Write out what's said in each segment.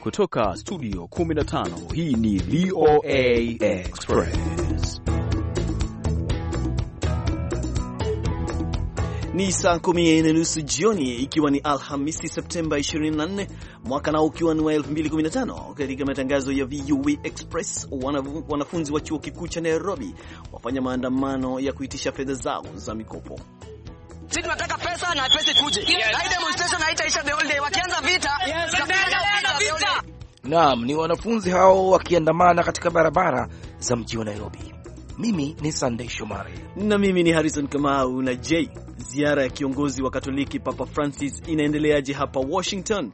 Kutoka studio 15 hii ni VOA Express. Ni saa kumi na nusu jioni ikiwa ni Alhamisi Septemba 24 mwaka nao ukiwa ni wa 2015. Katika matangazo ya VOA Express, wanafunzi wa chuo kikuu cha Nairobi wafanya maandamano ya kuitisha fedha zao za mikopo. Sisi tunataka pesa na pesa ikuje. Hii demonstration haitaisha the whole day. Wakianza vita, Naam, ni wanafunzi hao wakiandamana katika barabara za mji wa Nairobi. Mimi ni Sunday Shomari na mimi ni Harrison Kamau. Na J, ziara ya kiongozi wa Katoliki Papa Francis inaendeleaje hapa Washington?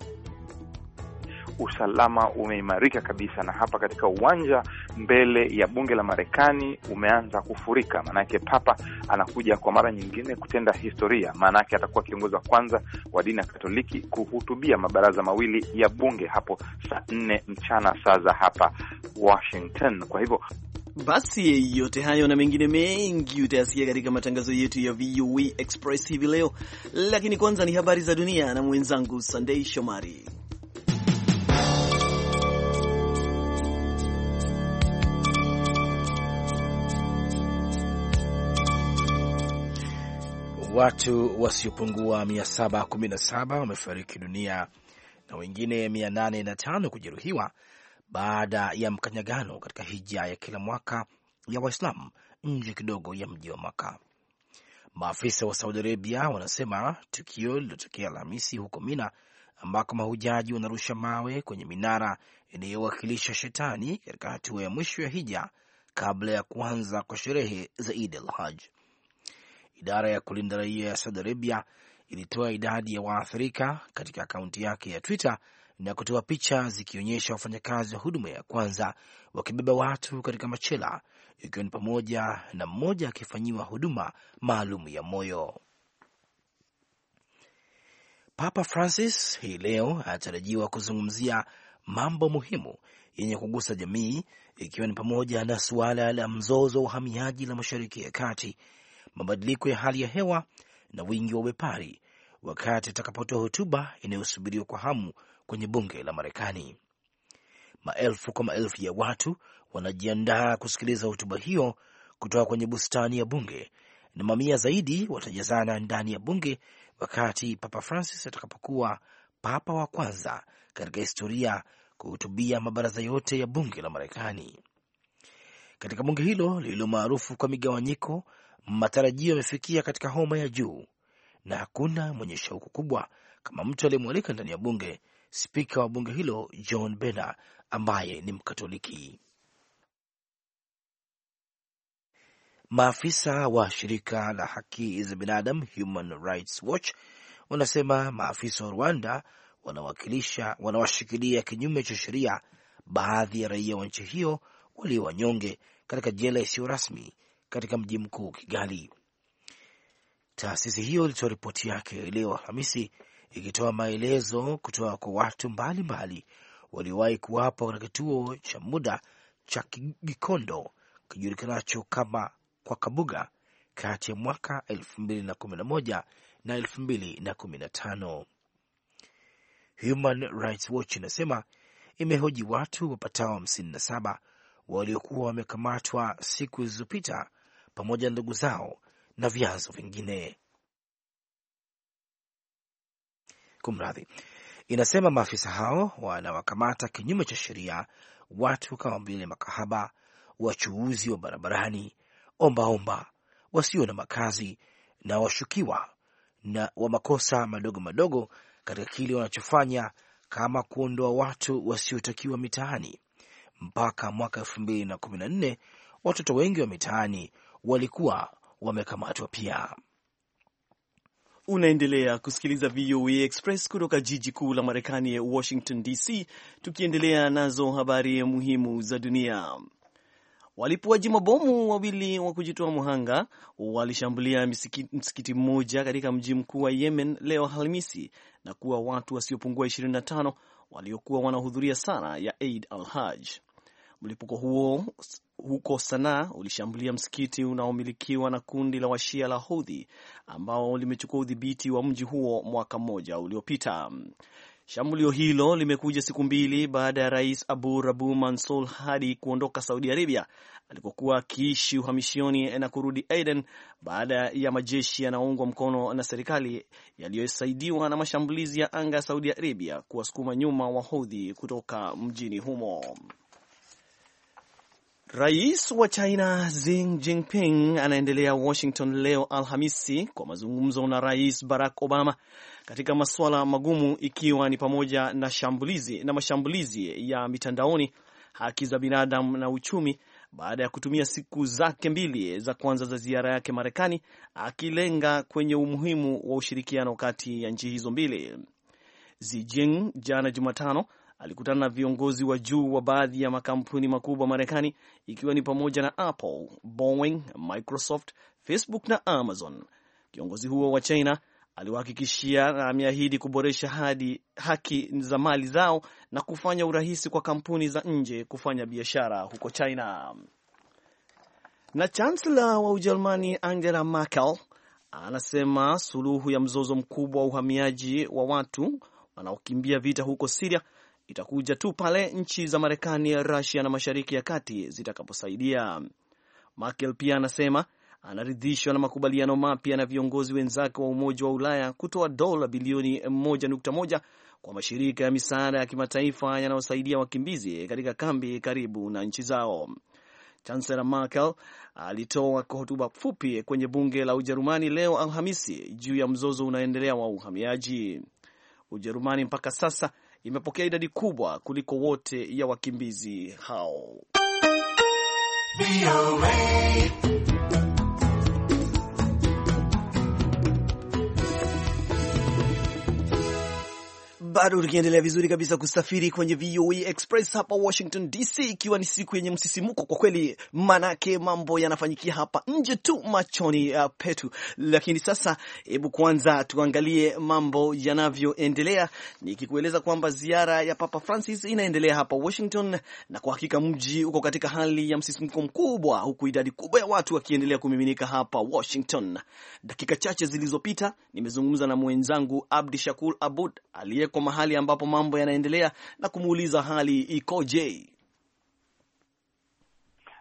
usalama umeimarika kabisa, na hapa katika uwanja mbele ya bunge la Marekani umeanza kufurika, maanake Papa anakuja kwa mara nyingine kutenda historia, maanake atakuwa kiongozi wa kwanza wa dini ya Katoliki kuhutubia mabaraza mawili ya bunge hapo saa nne mchana saa za hapa Washington. Kwa hivyo basi yote hayo na mengine mengi utayasikia katika matangazo yetu ya VOA e Express hivi leo, lakini kwanza ni habari za dunia na mwenzangu Sandei Shomari. watu wasiopungua 717 wamefariki dunia na wengine 805 kujeruhiwa baada ya mkanyagano katika hija ya kila mwaka ya Waislamu nje kidogo ya mji wa Maka. Maafisa wa Saudi Arabia wanasema tukio lililotokea Alhamisi huko Mina, ambako mahujaji wanarusha mawe kwenye minara inayowakilisha shetani katika hatua ya mwisho ya hija kabla ya kuanza kwa sherehe za Idi al Haj. Idara ya kulinda raia ya Saudi Arabia ilitoa idadi ya waathirika katika akaunti yake ya Twitter na kutoa picha zikionyesha wafanyakazi wa huduma ya kwanza wakibeba watu katika machela, ikiwa ni pamoja na mmoja akifanyiwa huduma maalum ya moyo. Papa Francis hii leo anatarajiwa kuzungumzia mambo muhimu yenye kugusa jamii ikiwa ni pamoja na suala la mzozo wa uhamiaji la Mashariki ya Kati mabadiliko ya hali ya hewa na wingi wa ubepari wakati atakapotoa hotuba inayosubiriwa kwa hamu kwenye bunge la Marekani. Maelfu kwa maelfu ya watu wanajiandaa kusikiliza hotuba hiyo kutoka kwenye bustani ya bunge na mamia zaidi watajazana ndani ya bunge wakati Papa Francis atakapokuwa papa wa kwanza katika historia kuhutubia mabaraza yote ya bunge la Marekani. Katika bunge hilo lililo maarufu kwa migawanyiko matarajio yamefikia katika homa ya juu, na hakuna mwenye shauku kubwa kama mtu aliyemwalika ndani ya bunge spika wa bunge hilo John Bena ambaye ni Mkatoliki. Maafisa wa shirika la haki za binadamu Human Rights Watch wanasema maafisa wa Rwanda wanawakilisha wanawashikilia kinyume cha sheria baadhi ya raia wa nchi hiyo walio wanyonge katika jela isiyo rasmi katika mji mkuu Kigali. Taasisi hiyo ilitoa ripoti yake leo Alhamisi ikitoa maelezo kutoka kwa watu mbalimbali waliowahi kuwapo katika kituo cha muda cha Kigikondo kijulikanacho kama kwa Kabuga kati ya mwaka 2011 na 2015. Human Rights Watch inasema imehoji watu wapatao 57 waliokuwa wamekamatwa siku zilizopita pamoja na ndugu zao na vyanzo vingine. Kumradhi, inasema maafisa hao wanawakamata kinyume cha sheria watu kama vile makahaba, wachuuzi wa barabarani, ombaomba, wasio na makazi na washukiwa na wa makosa madogo madogo katika kile wanachofanya kama kuondoa watu wasiotakiwa mitaani. Mpaka mwaka elfu mbili na kumi na nne watoto wengi wa mitaani walikuwa wamekamatwa pia. Unaendelea kusikiliza VOA Express kutoka jiji kuu la Marekani ya Washington DC, tukiendelea nazo habari muhimu za dunia. Walipuaji mabomu wawili wa kujitoa muhanga walishambulia msikiti mmoja katika mji mkuu wa Yemen leo Alhamisi na kuwa watu wasiopungua 25 waliokuwa wanahudhuria sala ya Eid al-Hajj. Mlipuko huo huko Sanaa ulishambulia msikiti unaomilikiwa na kundi la washia la Houthi ambao limechukua udhibiti wa mji huo mwaka mmoja uliopita. Shambulio hilo limekuja siku mbili baada ya rais Abu Rabu Mansur Hadi kuondoka Saudi Arabia alikokuwa akiishi uhamishoni na kurudi Aden baada ya majeshi yanaoungwa mkono na serikali yaliyosaidiwa na mashambulizi ya anga ya Saudi Arabia kuwasukuma nyuma Wahodhi kutoka mjini humo. Rais wa China Xi Jinping anaendelea Washington leo Alhamisi kwa mazungumzo na Rais Barack Obama katika masuala magumu ikiwa ni pamoja na shambulizi na mashambulizi ya mitandaoni, haki za binadamu na uchumi, baada ya kutumia siku zake mbili za kwanza za ziara yake Marekani akilenga kwenye umuhimu wa ushirikiano kati ya nchi hizo mbili. Xi Jinping jana Jumatano alikutana na viongozi wa juu wa baadhi ya makampuni makubwa Marekani, ikiwa ni pamoja na Apple, Boeing, Microsoft, Facebook na Amazon. Kiongozi huo wa China aliwahakikishia na ameahidi kuboresha hadi haki za mali zao na kufanya urahisi kwa kampuni za nje kufanya biashara huko China. Na chansela wa Ujerumani Angela Merkel anasema suluhu ya mzozo mkubwa wa uhamiaji wa watu wanaokimbia vita huko Siria itakuja tu pale nchi za Marekani, Rusia na Mashariki ya Kati zitakaposaidia. Merkel pia anasema anaridhishwa na makubaliano mapya na viongozi wenzake wa Umoja wa Ulaya kutoa dola bilioni 1.1 kwa mashirika ya misaada ya kimataifa yanayosaidia wakimbizi katika kambi karibu na nchi zao. Chancellor Merkel alitoa hotuba fupi kwenye bunge la Ujerumani leo Alhamisi juu ya mzozo unaoendelea wa uhamiaji. Ujerumani mpaka sasa imepokea idadi kubwa kuliko wote ya wakimbizi hao. bado tukiendelea vizuri kabisa kusafiri kwenye VOA e Express hapa Washington DC, ikiwa ni siku yenye msisimuko kwa kweli, manake mambo yanafanyikia hapa nje tu machoni uh, petu. Lakini sasa, hebu kwanza tuangalie mambo yanavyoendelea, nikikueleza kwamba ziara ya Papa Francis inaendelea hapa Washington, na kwa hakika mji uko katika hali ya msisimuko mkubwa, huku idadi kubwa ya watu wakiendelea kumiminika hapa Washington. Dakika chache zilizopita nimezungumza na mwenzangu Abdi Shakur Abud aliyeko hali ambapo mambo yanaendelea na kumuuliza hali ikoje.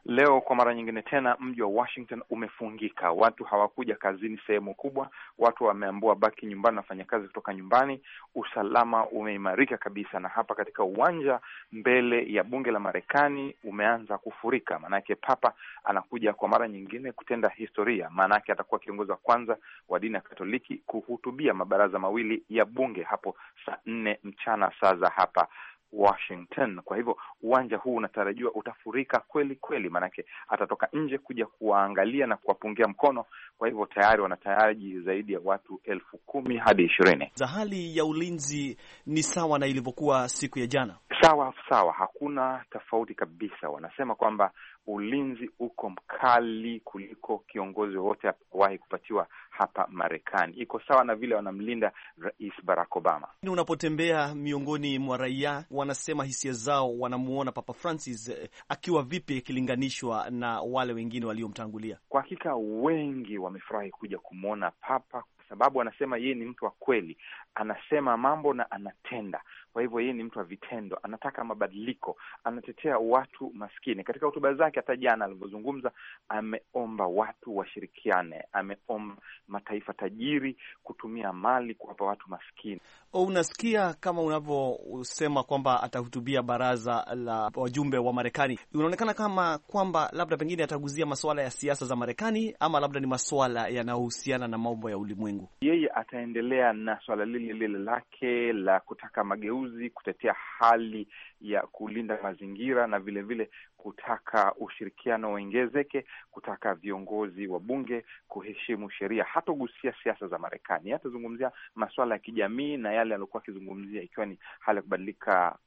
Leo kwa mara nyingine tena mji wa Washington umefungika, watu hawakuja kazini sehemu kubwa, watu wameambua baki nyumbani, wanafanya kazi kutoka nyumbani. Usalama umeimarika kabisa, na hapa katika uwanja mbele ya bunge la Marekani umeanza kufurika, maanake Papa anakuja kwa mara nyingine kutenda historia, maanake atakuwa kiongozi wa kwanza wa dini ya Katoliki kuhutubia mabaraza mawili ya bunge hapo saa nne mchana saa za hapa Washington. Kwa hivyo uwanja huu unatarajiwa utafurika kweli kweli, maanake atatoka nje kuja kuwaangalia na kuwapungia mkono. Kwa hivyo tayari wanataraji zaidi ya watu elfu kumi hadi ishirini. Za hali ya ulinzi ni sawa na ilivyokuwa siku ya jana, sawa sawa, hakuna tofauti kabisa. Wanasema kwamba ulinzi uko mkali kuliko kiongozi wowote wahi kupatiwa hapa Marekani. Iko sawa na vile wanamlinda Rais Barack Obama. Unapotembea miongoni mwa raia, wanasema hisia zao, wanamuona Papa Francis eh, akiwa vipi akilinganishwa na wale wengine waliomtangulia. Kwa hakika wengi wamefurahi kuja kumwona Papa sababu wanasema yeye ni mtu wa kweli, anasema mambo na anatenda. Kwa hivyo yeye ni mtu wa vitendo, anataka mabadiliko, anatetea watu maskini. Katika hotuba zake hata jana alivyozungumza, ameomba watu washirikiane, ameomba mataifa tajiri kutumia mali kuwapa watu maskini. Unasikia kama unavyosema kwamba atahutubia baraza la wajumbe wa Marekani, unaonekana kama kwamba labda pengine ataguzia masuala ya siasa za Marekani ama labda ni masuala yanayohusiana na mambo ya ulimwengu. Yeye ataendelea na swala lile lile lake la kutaka mageuzi uchafuzi, kutetea hali ya kulinda mazingira na vilevile vile kutaka ushirikiano uongezeke, kutaka viongozi wa bunge kuheshimu sheria. Hatogusia siasa za Marekani, atazungumzia masuala ya kijamii na yale aliokuwa akizungumzia ikiwa ni hali ya kubadilika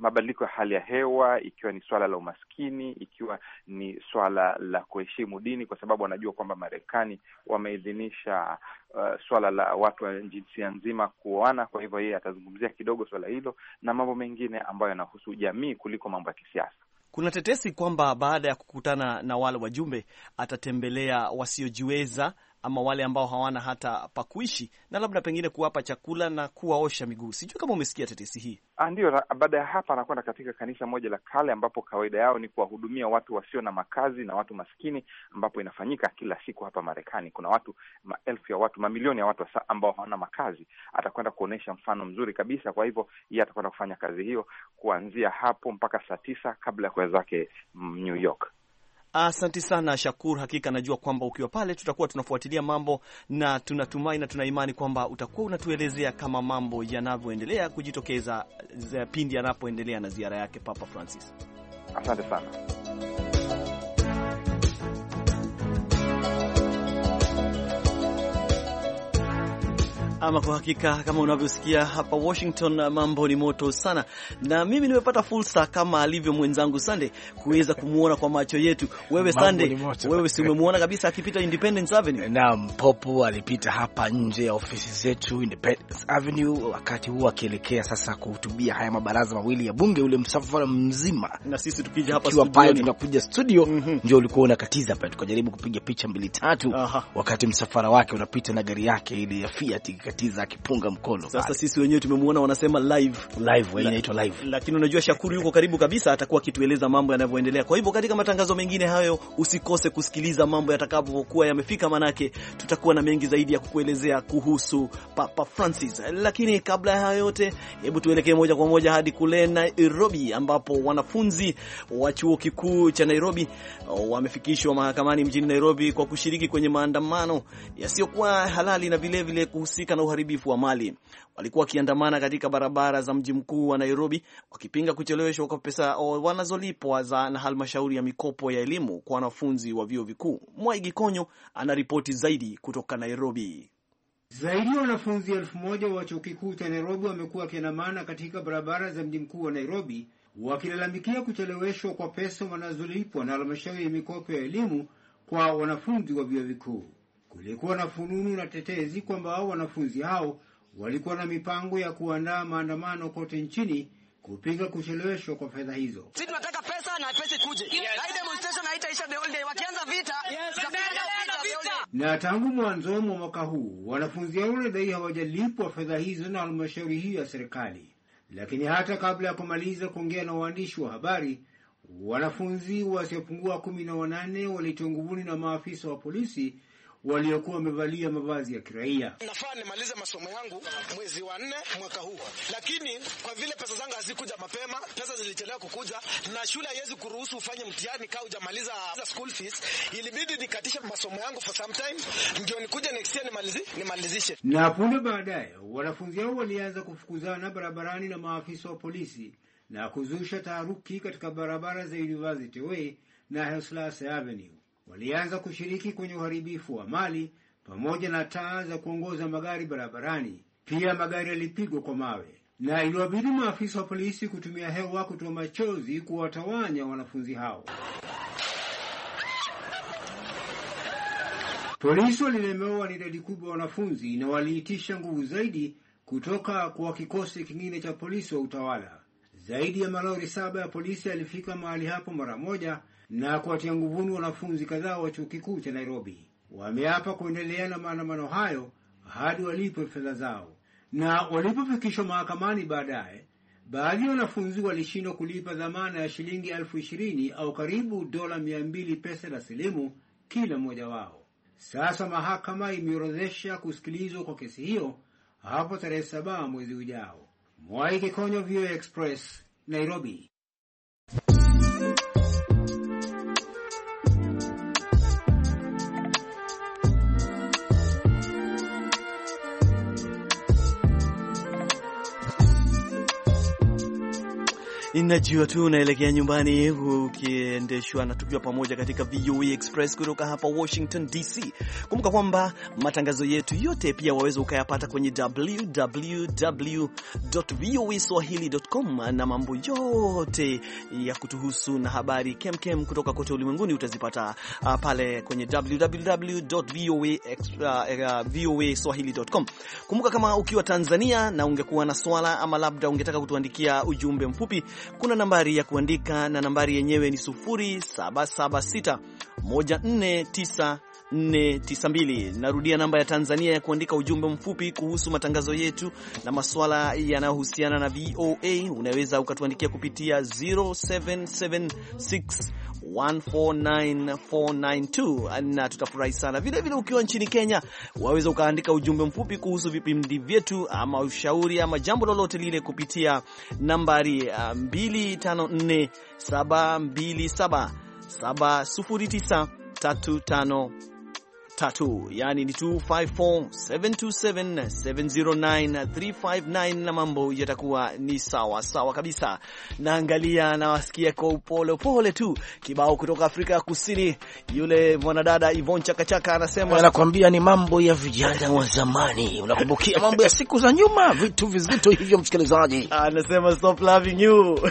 mabadiliko ya hali ya hewa, ikiwa ni swala la umaskini, ikiwa ni swala la kuheshimu dini, kwa sababu wanajua kwamba Marekani wameidhinisha uh, swala la watu wa jinsia nzima kuoana. Kwa hivyo yeye atazungumzia kidogo swala hilo na mambo mengine ambayo yanahusu jamii kuliko mambo ya kisiasa. Kuna tetesi kwamba baada ya kukutana na wale wajumbe atatembelea wasiojiweza ama wale ambao hawana hata pa kuishi na labda pengine kuwapa chakula na kuwaosha miguu. Sijui kama umesikia tetesi hii. Ah, ndio, baada ya hapa anakwenda katika kanisa moja la kale, ambapo kawaida yao ni kuwahudumia watu wasio na makazi na watu maskini, ambapo inafanyika kila siku hapa Marekani. Kuna watu maelfu ya watu, mamilioni ya watu ambao hawana makazi. Atakwenda kuonyesha mfano mzuri kabisa. Kwa hivyo yeye atakwenda kufanya kazi hiyo kuanzia hapo mpaka saa tisa kabla ya kuwezake zake mm, New York. Asanti sana Shakur, hakika najua kwamba ukiwa pale tutakuwa tunafuatilia mambo na tunatumai na tunaimani kwamba utakuwa unatuelezea kama mambo yanavyoendelea kujitokeza eh, pindi anapoendelea na ziara yake Papa Francis. Asante sana. Ama kwa hakika kama unavyosikia hapa Washington, uh, mambo ni moto sana, na mimi nimepata fursa kama alivyo mwenzangu Sande kuweza kumwona kwa macho yetu. Wewe Sande, wewe si umemwona kabisa akipita Independence Avenue? Naam, Popo alipita hapa nje ya ofisi zetu Independence Avenue, wakati huo akielekea sasa kuhutubia haya mabaraza mawili ya bunge, ule msafara mzima, na sisi tukija hapa studio, tunakuja studio mm -hmm. Ndio ulikuwa unakatiza pale, tukajaribu kupiga picha mbili tatu, wakati msafara wake unapita na gari yake ile ya Fiat akikatiza akipunga mkono. Sasa sisi wenyewe tumemuona, wanasema live live, inaitwa live, lakini unajua Shakuru yuko karibu kabisa, atakuwa akitueleza mambo yanavyoendelea. Kwa hivyo katika matangazo mengine hayo usikose kusikiliza mambo yatakapokuwa yamefika, manake tutakuwa na mengi zaidi ya kukuelezea kuhusu Papa Francis. Lakini kabla ya hayo yote, hebu tuelekee moja kwa moja hadi kule Nairobi ambapo wanafunzi wa chuo kikuu cha Nairobi oh, wamefikishwa mahakamani mjini Nairobi kwa kushiriki kwenye maandamano yasiyokuwa halali na vilevile kuhusika na uharibifu wa mali. Walikuwa wakiandamana katika barabara za mji mkuu wa Nairobi wakipinga kucheleweshwa kwa pesa wanazolipwa za na halmashauri ya mikopo ya elimu kwa wanafunzi wa vyuo vikuu. Mwaigi Konyo ana ripoti zaidi kutoka Nairobi. Zaidi ya wanafunzi elfu moja wa chuo kikuu cha Nairobi wamekuwa wakiandamana katika barabara za mji mkuu wa Nairobi wakilalamikia kucheleweshwa kwa pesa wanazolipwa na halmashauri ya mikopo ya elimu kwa wanafunzi wa vyuo vikuu. Kulikuwa na fununu na tetezi kwamba wanafunzi hao walikuwa na mipango ya kuandaa maandamano kote nchini kupinga kucheleweshwa kwa fedha hizo. Sisi tunataka pesa na pesa Hii demonstration haitaisha the whole day. Wakianza vita, na tangu mwanzo mwa mwaka huu wanafunzi hao dai hawajalipwa fedha hizo na halmashauri hiyo ya serikali. Lakini hata kabla ya kumaliza kuongea na waandishi wa habari, wanafunzi wasiopungua kumi na wanane walitiwa nguvuni na maafisa wa polisi waliokuwa wamevalia mavazi ya kiraia. Nafaa nimalize masomo yangu mwezi wa nne mwaka huu, lakini kwa vile pesa zangu hazikuja mapema, pesa zilichelewa kukuja na shule haiwezi kuruhusu ufanye mtihani kaa ujamaliza school fees, ilibidi nikatishe masomo yangu for some time ndio nikuja next year nimalizi, nimalizishe. Na punde baadaye wanafunzi hao walianza kufukuzana barabarani na maafisa wa polisi na kuzusha taharuki katika barabara za University Way na Hustlers Avenue walianza kushiriki kwenye uharibifu wa mali pamoja na taa za kuongoza magari barabarani. Pia magari yalipigwa kwa mawe na iliwabidi maafisa wa polisi kutumia hewa kutoa machozi kuwatawanya wanafunzi hao. Polisi walilemewa na idadi kubwa ya wanafunzi na waliitisha nguvu zaidi kutoka kwa kikosi kingine cha polisi wa utawala. Zaidi ya malori saba ya polisi yalifika mahali hapo mara moja na kuwatia nguvuni wanafunzi kadhaa wa chuo kikuu cha Nairobi. Wameapa kuendelea na maandamano hayo hadi walipwe fedha zao. Na walipofikishwa mahakamani baadaye, baadhi ya wanafunzi walishindwa kulipa dhamana ya shilingi elfu ishirini au karibu dola mia mbili pesa la silimu kila mmoja wao. Sasa mahakama imeorodhesha kusikilizwa kwa kesi hiyo hapo tarehe saba mwezi ujao. Mwai Kikonyo, VOA Express, Nairobi. inajua tu unaelekea nyumbani ukiendeshwa na tukiwa pamoja katika VOA e Express kutoka hapa Washington DC. Kumbuka kwamba matangazo yetu yote pia waweza ukayapata kwenye www.voaswahili.com, e na mambo yote ya kutuhusu na habari kemkem kutoka kote ulimwenguni utazipata uh, pale kwenye www.voaswahili.com. E ah, eh, Kumbuka kama ukiwa Tanzania na ungekuwa na swala ama labda ungetaka kutuandikia ujumbe mfupi kuna nambari ya kuandika na nambari yenyewe ni 07761499 492. Narudia namba ya Tanzania ya kuandika ujumbe mfupi kuhusu matangazo yetu na masuala yanayohusiana na VOA. Unaweza ukatuandikia kupitia 0776149492 na tutafurahi sana. Vilevile ukiwa nchini Kenya, waweza ukaandika ujumbe mfupi kuhusu vipindi vyetu ama ushauri ama jambo lolote lile kupitia nambari 2547277093 uh, tatu, yani ni 254727709359 na mambo yatakuwa ni sawa sawa kabisa. Naangalia nawasikia kwa upole pole tu kibao kutoka Afrika ya Kusini, yule mwanadada Ivon Chakachaka anasema, anakuambia ni mambo ya vijana wa zamani, unakumbukia mambo ya siku za nyuma, vitu vizito hivyo, msikilizaji anasema stop loving you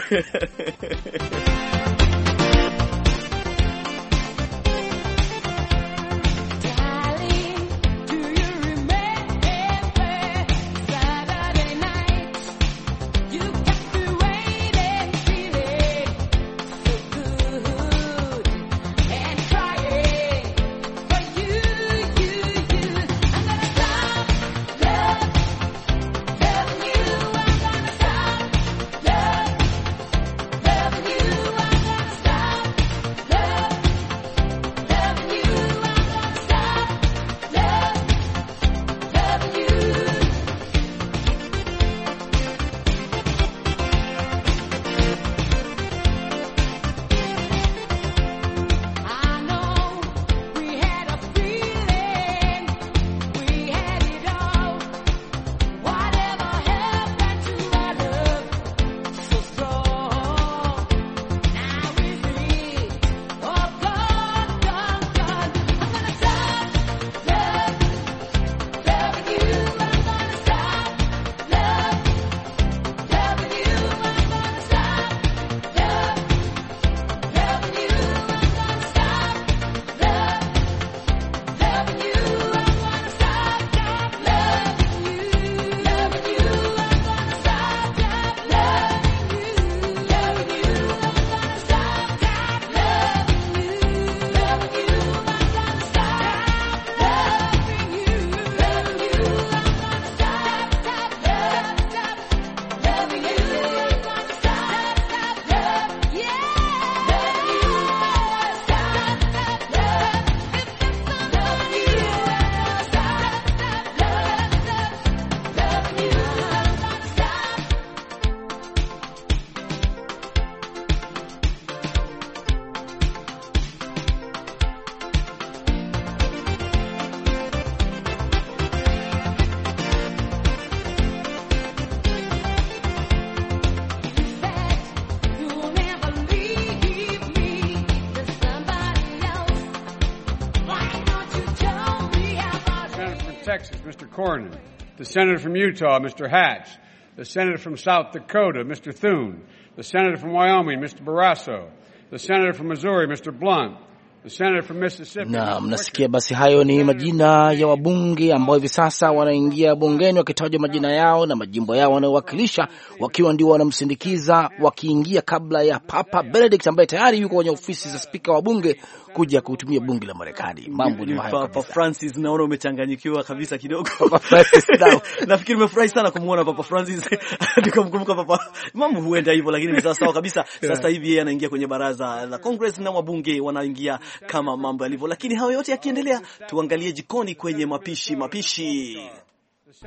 Cornyn, the senator from Utah, Mr. Hatch, the senator from South Dakota, Mr. Thune, the senator from Wyoming, Mr. Barrasso, the senator from Missouri, Mr. Blunt, the Senator from Mississippi. na mnasikia basi, hayo ni majina ya wabunge ambao hivi sasa wanaingia bungeni wakitaja majina yao na majimbo yao wanayowakilisha, wakiwa ndio wanamsindikiza wakiingia, kabla ya Papa Benedict ambaye tayari yuko kwenye ofisi za spika wa bunge kuja kutumia bunge la Marekani. Mambo ni hayo. Papa Francis, naona umechanganyikiwa kabisa kidogo. Papa Francis Nafikiri umefurahi sana kumuona Papa Francis. nikamkumbuka Papa. Mambo huenda hivyo, lakini ni sawa kabisa. Sasa hivi yeye anaingia kwenye baraza la Congress na wabunge wanaingia kama mambo yalivyo. Lakini hayo yote yakiendelea, tuangalie jikoni kwenye mapishi mapishi.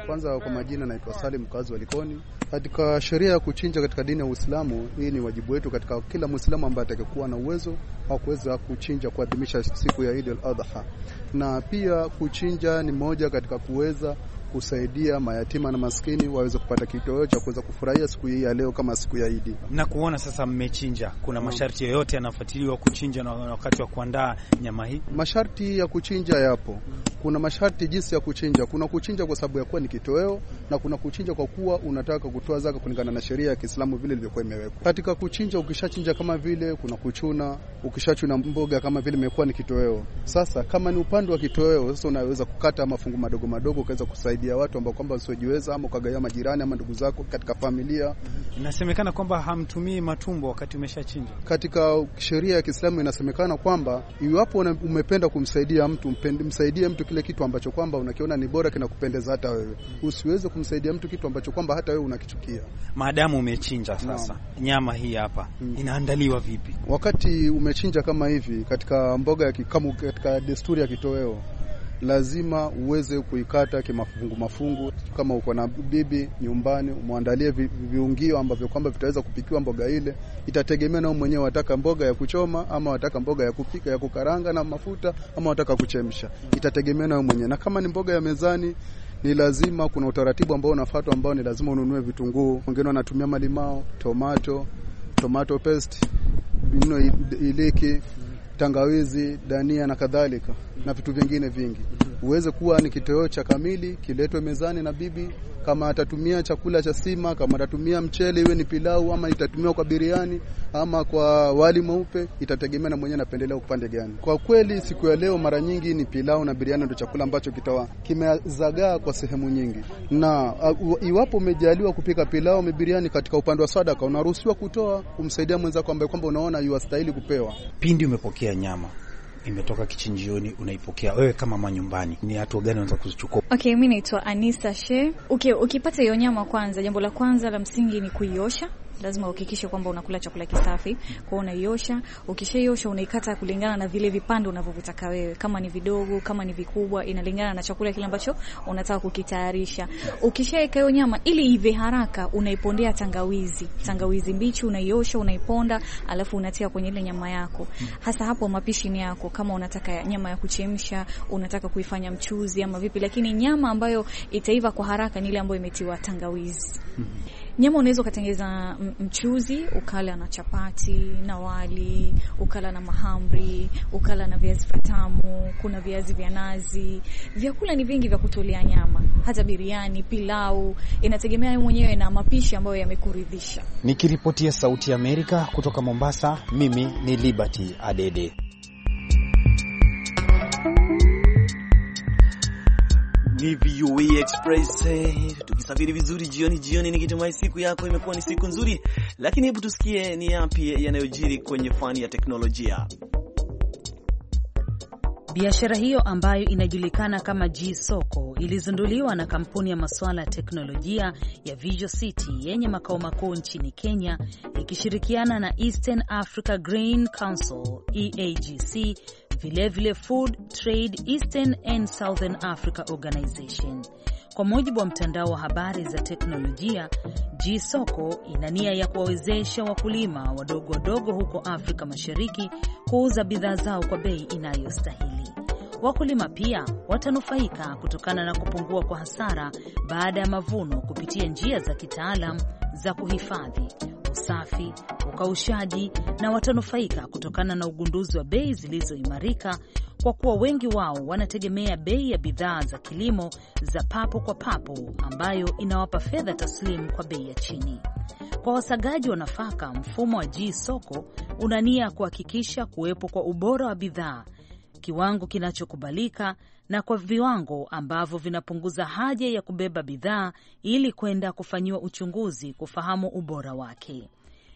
Kwanza kwa majina, naitwa Salim, mkazi wa Likoni. Katika sheria ya kuchinja katika dini ya Uislamu, hii ni wajibu wetu katika kila Muislamu ambaye atakayekuwa na uwezo wa kuweza kuchinja kuadhimisha siku ya Eid al-Adha, na pia kuchinja ni moja katika kuweza kusaidia mayatima na maskini waweze kupata kitoweo cha kuweza kufurahia siku hii ya leo kama siku ya Idi. Na kuona sasa mmechinja, kuna no. Mm. masharti yoyote yanafuatiliwa kuchinja na wakati wa kuandaa nyama hii? Masharti ya kuchinja yapo. Kuna masharti jinsi ya kuchinja. Kuna kuchinja kwa sababu ya kuwa ni kitoweo na kuna kuchinja kwa kuwa unataka kutoa zaka kulingana na sheria ya Kiislamu vile ilivyokuwa imewekwa. Katika kuchinja, ukishachinja kama vile kuna kuchuna, ukishachuna mboga kama vile imekuwa ni kitoweo. Sasa kama ni upande wa kitoweo, sasa unaweza kukata mafungu madogo madogo ukaweza kusaidia dhidi ya watu ambao kwamba wasiojiweza ama ukagaia majirani ama ndugu zako katika familia. Inasemekana kwamba hamtumii matumbo wakati umeshachinja. Katika sheria ya Kiislamu inasemekana kwamba iwapo umependa kumsaidia mtu mpende, msaidie mtu kile kitu ambacho kwamba unakiona ni bora kinakupendeza hata wewe. Usiweze kumsaidia mtu kitu ambacho kwamba hata wewe unakichukia. Maadamu umechinja sasa, no. Nyama hii hapa mm. Inaandaliwa vipi? Wakati umechinja kama hivi katika mboga ya kikamu, katika desturi ya kitoweo lazima uweze kuikata kimafungu mafungu. Kama uko na bibi nyumbani, umwandalie viungio ambavyo kwamba vitaweza kupikiwa mboga ile. Itategemea nao mwenyewe, wataka mboga ya kuchoma ama wataka mboga ya kupika ya kukaranga na mafuta ama wataka kuchemsha, itategemea nao mwenyewe. Na kama ni mboga ya mezani ni lazima kuna utaratibu ambao unafuatwa ambao ni lazima ununue vitunguu. Wengine wanatumia malimao, tomato, tomato paste, iliki tangawizi, dania na kadhalika na vitu vingine vingi uweze kuwa ni kitoweo cha kamili, kiletwe mezani na bibi. Kama atatumia chakula cha sima, kama atatumia mchele, iwe ni pilau ama itatumiwa kwa biriani ama kwa wali mweupe, itategemea na mwenyewe anapendelea upande gani. Kwa kweli, siku ya leo mara nyingi ni pilau na biriani ndio chakula ambacho kitawa kimezagaa kwa sehemu nyingi, na uh, iwapo umejaliwa kupika pilau na biriani, katika upande wa sadaka unaruhusiwa kutoa kumsaidia mwenzako ambaye kwamba unaona yuastahili kupewa. Pindi umepokea nyama imetoka kichinjioni, unaipokea wewe kama manyumbani. Ni hatua gani unaweza kuzichukua? Okay, mimi naitwa Anisa She. Okay, ukipata hiyo nyama, kwanza jambo la kwanza la msingi ni kuiosha lazima uhakikishe kwamba unakula chakula kisafi. Kwa unaiosha, ukishaiosha unaikata kulingana na vile vipande unavyovitaka wewe, kama ni vidogo, kama ni vikubwa, inalingana na chakula kile ambacho unataka kukitayarisha. Ukishaweka hiyo nyama ili ive haraka, unaipondea tangawizi. Tangawizi mbichi unaiosha, unaiponda, alafu unatia kwenye ile nyama yako. Hasa hapo mapishi ni yako, kama unataka nyama ya kuchemsha, unataka kuifanya mchuzi ama vipi, lakini nyama ambayo itaiva kwa haraka ni ile ambayo imetiwa tangawizi. Nyama unaweza ukatengeza mchuzi ukala na chapati na wali, ukala na mahamri, ukala na viazi vitamu, kuna viazi vya nazi. Vyakula ni vingi vya kutolea nyama, hata biriani, pilau, inategemea wewe mwenyewe na mapishi ambayo yamekuridhisha. Nikiripotia Sauti ya Amerika kutoka Mombasa, mimi ni Liberty Adede. ni VOA Express, eh, tukisafiri vizuri jioni jioni, nikitumai siku yako imekuwa ni siku nzuri. Lakini hebu tusikie ni yapi yanayojiri kwenye fani ya teknolojia. Biashara hiyo ambayo inajulikana kama G Soko ilizinduliwa na kampuni ya masuala ya teknolojia ya Visual City yenye makao makuu nchini Kenya ikishirikiana na Eastern Africa Grain Council EAGC vilevile Food Trade Eastern and Southern Africa Organization. Kwa mujibu wa mtandao wa habari za teknolojia G-Soko ina nia ya kuwawezesha wakulima wadogo wadogo huko Afrika Mashariki kuuza bidhaa zao kwa bei inayostahili. Wakulima pia watanufaika kutokana na kupungua kwa hasara baada ya mavuno kupitia njia za kitaalam za kuhifadhi usafi, ukaushaji na watanufaika kutokana na ugunduzi wa bei zilizoimarika kwa kuwa wengi wao wanategemea bei ya bidhaa za kilimo za papo kwa papo ambayo inawapa fedha taslimu kwa bei ya chini. Kwa wasagaji wa nafaka, mfumo wa G soko una nia ya kuhakikisha kuwepo kwa ubora wa bidhaa, kiwango kinachokubalika na kwa viwango ambavyo vinapunguza haja ya kubeba bidhaa ili kwenda kufanyiwa uchunguzi kufahamu ubora wake.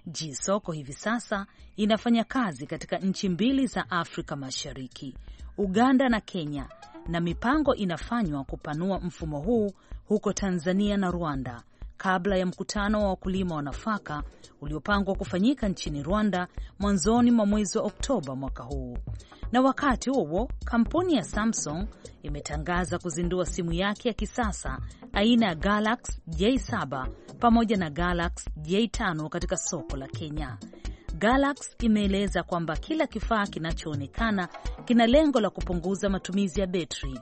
Jisoko soko hivi sasa inafanya kazi katika nchi mbili za Afrika Mashariki, Uganda na Kenya, na mipango inafanywa kupanua mfumo huu huko Tanzania na Rwanda kabla ya mkutano wa wakulima wa nafaka uliopangwa kufanyika nchini Rwanda mwanzoni mwa mwezi wa Oktoba mwaka huu. Na wakati huo kampuni ya Samsung imetangaza kuzindua simu yake ya kisasa aina ya Galaxy J7 pamoja na Galaxy J5 katika soko la Kenya. Galaxy imeeleza kwamba kila kifaa kinachoonekana kina lengo la kupunguza matumizi ya betri.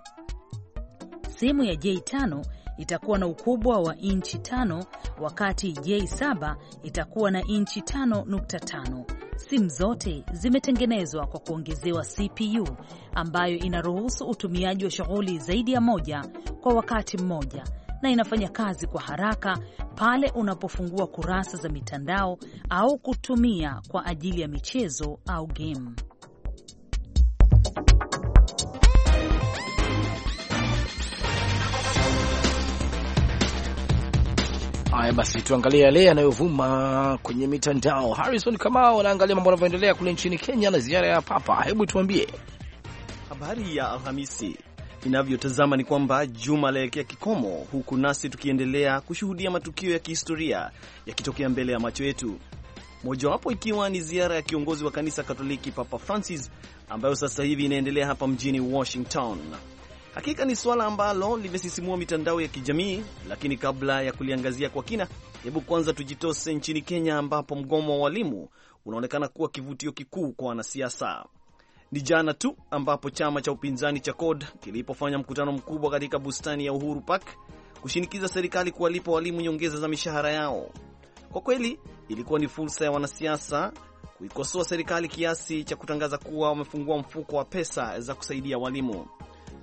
Simu ya J5 itakuwa na ukubwa wa inchi tano wakati J7 itakuwa na inchi 5.5. Simu zote zimetengenezwa kwa kuongezewa CPU ambayo inaruhusu utumiaji wa shughuli zaidi ya moja kwa wakati mmoja na inafanya kazi kwa haraka pale unapofungua kurasa za mitandao au kutumia kwa ajili ya michezo au game. Haya basi, tuangalie yale yanayovuma kwenye mitandao. Harrison Kamau anaangalia mambo yanavyoendelea kule nchini Kenya na ziara ya Papa. Hebu tuambie habari ya Alhamisi inavyotazama ni kwamba juma laelekea kikomo, huku nasi tukiendelea kushuhudia matukio ya kihistoria yakitokea mbele ya macho yetu, mojawapo ikiwa ni ziara ya kiongozi wa kanisa Katoliki Papa Francis ambayo sasa hivi inaendelea hapa mjini Washington. Hakika ni suala ambalo limesisimua mitandao ya kijamii, lakini kabla ya kuliangazia kwa kina, hebu kwanza tujitose nchini Kenya, ambapo mgomo wa walimu unaonekana kuwa kivutio kikuu kwa wanasiasa. Ni jana tu ambapo chama cha upinzani cha CORD kilipofanya mkutano mkubwa katika bustani ya Uhuru Park kushinikiza serikali kuwalipa walimu nyongeza za mishahara yao. Kwa kweli ilikuwa ni fursa ya wanasiasa kuikosoa serikali kiasi cha kutangaza kuwa wamefungua mfuko wa pesa za kusaidia walimu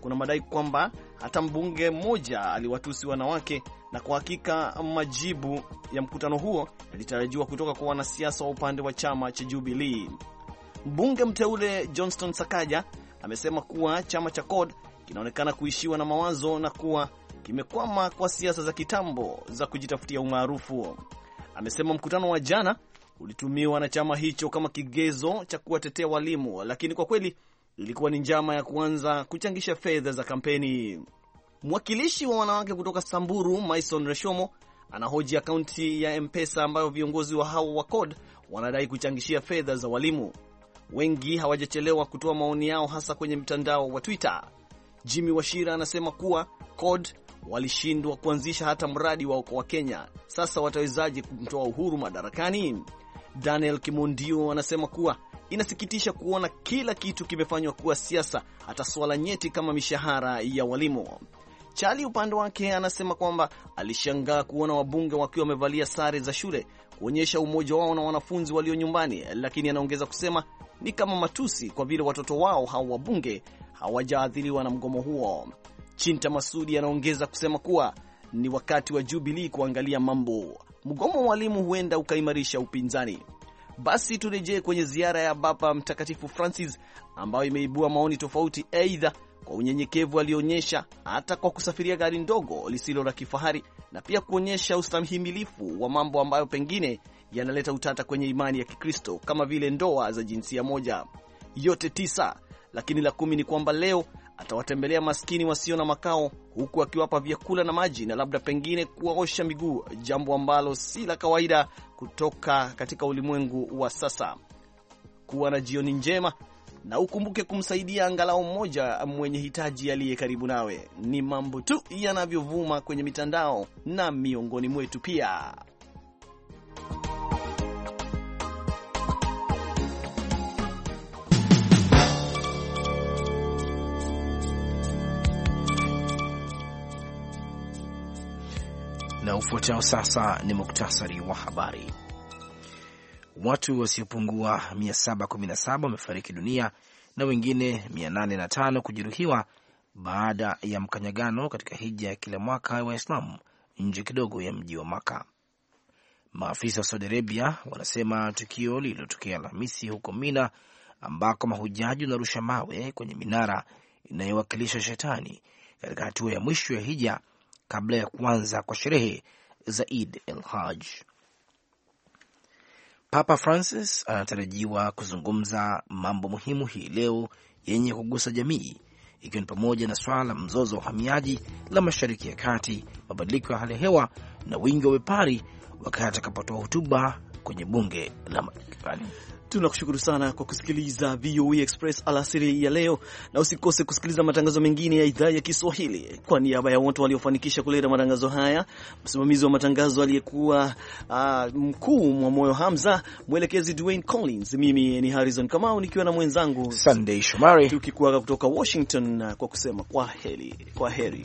kuna madai kwamba hata mbunge mmoja aliwatusi wanawake, na kwa hakika majibu ya mkutano huo yalitarajiwa kutoka kwa wanasiasa wa upande wa chama cha Jubilee. Mbunge mteule Johnston Sakaja amesema kuwa chama cha CORD kinaonekana kuishiwa na mawazo na kuwa kimekwama kwa siasa za kitambo za kujitafutia umaarufu. Amesema mkutano wa jana ulitumiwa na chama hicho kama kigezo cha kuwatetea walimu, lakini kwa kweli ilikuwa ni njama ya kuanza kuchangisha fedha za kampeni. Mwakilishi wa wanawake kutoka Samburu, Maison Reshomo, anahoji akaunti ya mpesa ambayo viongozi wa hao wa CORD wanadai kuchangishia fedha za walimu. Wengi hawajachelewa kutoa maoni yao, hasa kwenye mtandao wa Twitter. Jimmy Washira anasema kuwa CORD walishindwa kuanzisha hata mradi wa okoa Kenya, sasa watawezaje kumtoa Uhuru madarakani? Daniel Kimondio anasema kuwa Inasikitisha kuona kila kitu kimefanywa kuwa siasa, hata swala nyeti kama mishahara ya walimu. Chali upande wake anasema kwamba alishangaa kuona wabunge wakiwa wamevalia sare za shule kuonyesha umoja wao na wanafunzi walio nyumbani, lakini anaongeza kusema ni kama matusi kwa vile watoto wao hao wabunge hawajaathiriwa na mgomo huo. Chinta Masudi anaongeza kusema kuwa ni wakati wa Jubilii kuangalia mambo. Mgomo wa walimu huenda ukaimarisha upinzani. Basi turejee kwenye ziara ya baba Mtakatifu Francis ambayo imeibua maoni tofauti, aidha kwa unyenyekevu alionyesha hata kwa kusafiria gari ndogo lisilo la kifahari, na pia kuonyesha ustahimilifu wa mambo ambayo pengine yanaleta utata kwenye imani ya Kikristo kama vile ndoa za jinsia moja. Yote tisa, lakini la kumi ni kwamba leo atawatembelea maskini wasio na makao, huku akiwapa vyakula na maji na labda pengine kuwaosha miguu, jambo ambalo si la kawaida kutoka katika ulimwengu wa sasa. Kuwa na jioni njema na ukumbuke kumsaidia angalau mmoja mwenye hitaji aliye karibu nawe. Ni mambo tu yanavyovuma kwenye mitandao na miongoni mwetu pia. Na ufuatao sasa ni muktasari wa habari. Watu wasiopungua 717 wamefariki dunia na wengine 805 kujeruhiwa baada ya mkanyagano katika hija ya kila mwaka wa islam nje kidogo ya mji wa Maka. Maafisa wa Saudi Arabia wanasema tukio lililotokea Alhamisi huko Mina, ambako mahujaji wanarusha mawe kwenye minara inayowakilisha shetani katika hatua ya mwisho ya hija kabla ya kuanza kwa sherehe za Eid el haj Papa Francis anatarajiwa kuzungumza mambo muhimu hii leo yenye kugusa jamii ikiwa ni pamoja na swala la mzozo wa uhamiaji la Mashariki ya Kati, mabadiliko ya hali ya hewa na wingi wa wepari, wakati atakapotoa hotuba kwenye bunge la Marekani. Tunakushukuru sana kwa kusikiliza VOA e Express alasiri ya leo, na usikose kusikiliza matangazo mengine ya idhaa ya Kiswahili. Kwa niaba ya wote waliofanikisha kuleta matangazo haya, msimamizi wa matangazo aliyekuwa uh, mkuu mwa moyo Hamza, mwelekezi Dwayne Collins, mimi ni Harrison Kamau nikiwa na mwenzangu Sunday Shomari, tukikuaga kutoka Washington kwa kusema kwa heri, kwa heri.